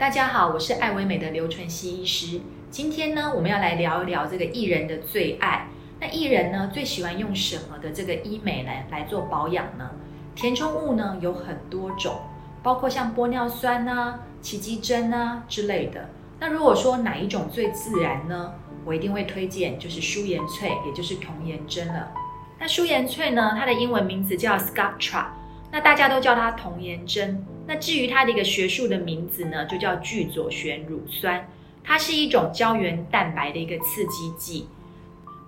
大家好，我是愛惟美的劉淳熙醫師。今天呢，我們要來聊一聊這個藝人的最愛。那藝人呢，最喜歡用什麼的這個醫美來來做保養呢？填充物呢，有很多種，包括像玻尿酸啊、奇蹟針啊之類的。那如果說哪一種最自然呢？我一定會推薦就是舒顏萃，也就是童顏針了。那舒顏萃呢，它的英文名字叫 Sculptra，那大家都叫它童顏針。那至於它的一個學術的名字呢，就叫聚左旋乳酸，它是一種膠原蛋白的一個刺激劑。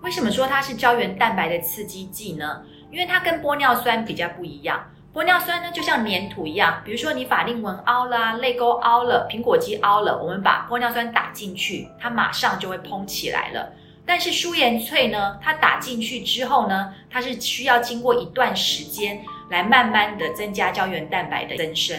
為什麼說它是膠原蛋白的刺激劑呢？因為它跟玻尿酸比較不一樣。玻尿酸呢，就像粘土一樣，比如說你法令紋凹了、淚溝凹了、蘋果肌凹了，我們把玻尿酸打進去，它馬上就會膨起來了。但是舒顏萃呢，它打進去之後呢，它是需要經過一段時間。來慢慢的增加膠原蛋白的增生。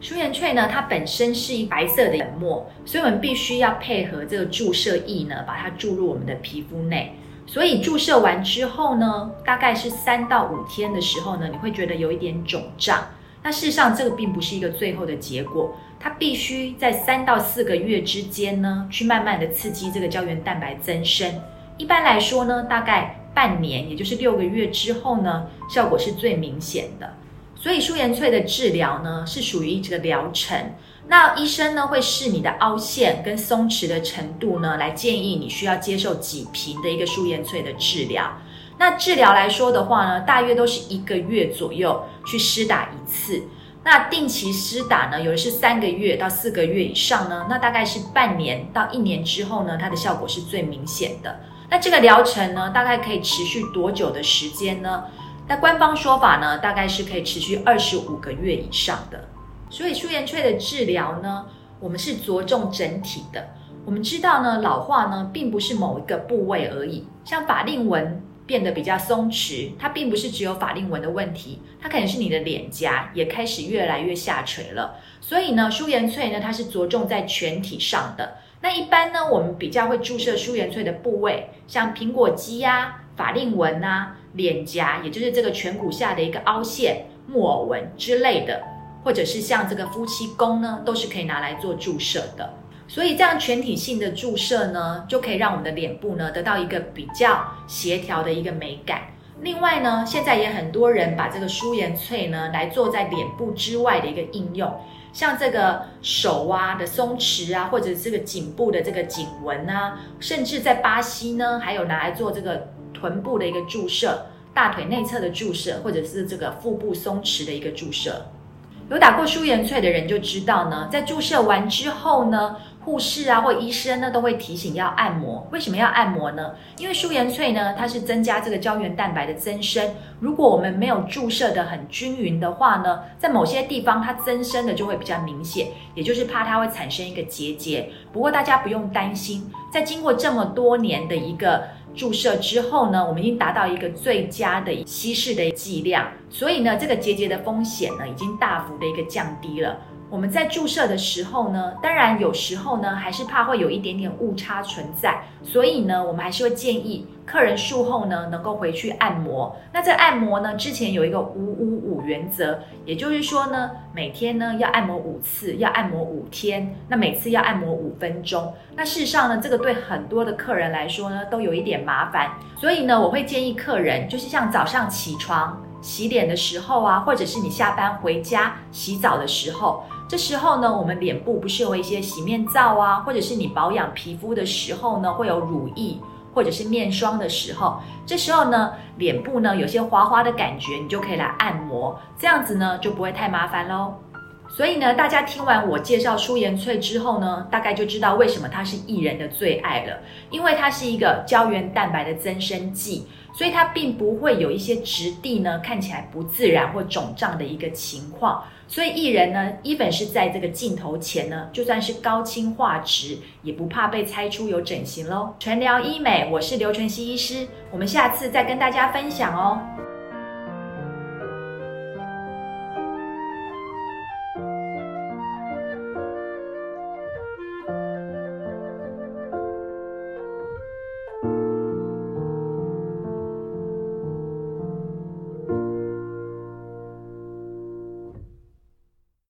舒顏萃呢，它本身是一白色的粉末，所以我們必須要配合這個注射液呢，把它注入我們的皮膚內。所以注射完之後呢，大概是三到五天的時候呢，你會覺得有一點腫脹。那事實上這個並不是一個最後的結果，它必須在三到四個月之間呢，去慢慢的刺激這個膠原蛋白增生。一般來說呢，大概。半年，也就是六個月之後呢，效果是最明顯的。所以，素顏翠的治療呢，是屬於一個療程。那醫生呢，會視你的凹陷跟鬆弛的程度呢，來建議你需要接受幾瓶的一個素顏翠的治療。那治療來說的話呢，大約都是一個月左右去施打一次。那定期施打呢，有的是三個月到四個月以上呢，那大概是半年到一年之後呢，它的效果是最明顯的。那這個療程呢，大概可以持續多久的時間呢？那官方說法呢，大概是可以持續二十五個月以上的。所以舒顏萃的治療呢，我們是着重整體的。我們知道呢，老化呢並不是某一個部位而已，像法令紋變得比較鬆弛，它並不是只有法令紋的問題，它可能是你的臉頰也開始越來越下垂了。所以呢，舒顏萃呢，它是着重在全體上的。那一般呢，我們比較會注射舒顏萃的部位，像蘋果肌呀、啊、法令紋吶、啊、臉頰，也就是這個顴骨下的一個凹陷、木偶紋之類的，或者是像這個夫妻宮呢，都是可以拿來做注射的。所以這樣全體性的注射呢，就可以讓我們的臉部呢，得到一個比較協調的一個美感。另外呢，現在也很多人把這個舒顏萃呢來做在臉部之外的一個應用，像這個手啊的鬆弛啊，或者這個頸部的這個頸紋啊，甚至在巴西呢，還有拿來做這個臀部的一個注射，大腿內側的注射，或者是這個腹部鬆弛的一個注射。有打過舒顏萃的人就知道呢，在注射完之後呢。護士啊，或醫生呢，都會提醒要按摩。為什麼要按摩呢？因為舒顏萃呢，它是增加這個膠原蛋白的增生。如果我們沒有注射得很均勻的話呢，在某些地方它增生的就會比較明顯，也就是怕它會產生一個結節。不過大家不用擔心，在經過這麼多年的一個注射之後呢，我們已經達到一個最佳的稀釋的劑量，所以呢，這個結節的風險呢，已經大幅的一個降低了。我們在注射的時候呢，當然有時候呢還是怕會有一點點誤差存在，所以呢，我們還是會建議客人術後呢能夠回去按摩。那在按摩呢之前有一個五五五原則，也就是說呢，每天呢要按摩五次，要按摩五天，那每次要按摩五分鐘。那事實上呢，這個對很多的客人來說呢都有一點麻煩，所以呢，我會建議客人就是像早上起床。洗臉的時候啊，或者是你下班回家洗澡的時候，這時候呢，我們臉部不是有一些洗面皂啊，或者是你保養皮膚的時候呢，會有乳液或者是面霜的時候，這時候呢，臉部呢有些滑滑的感覺，你就可以來按摩，這樣子呢就不會太麻煩嘍。所以呢，大家聽完我介紹舒顏萃之後呢，大概就知道為什麼它是藝人的最愛了，因為它是一個膠原蛋白的增生劑。所以它並不會有一些質地呢，看起來不自然或腫脹的一個情況。所以藝人呢，即使是在這個鏡頭前呢，就算是高清畫質，也不怕被猜出有整形嘍。淳聊醫美，我是劉淳熙醫師，我們下次再跟大家分享哦。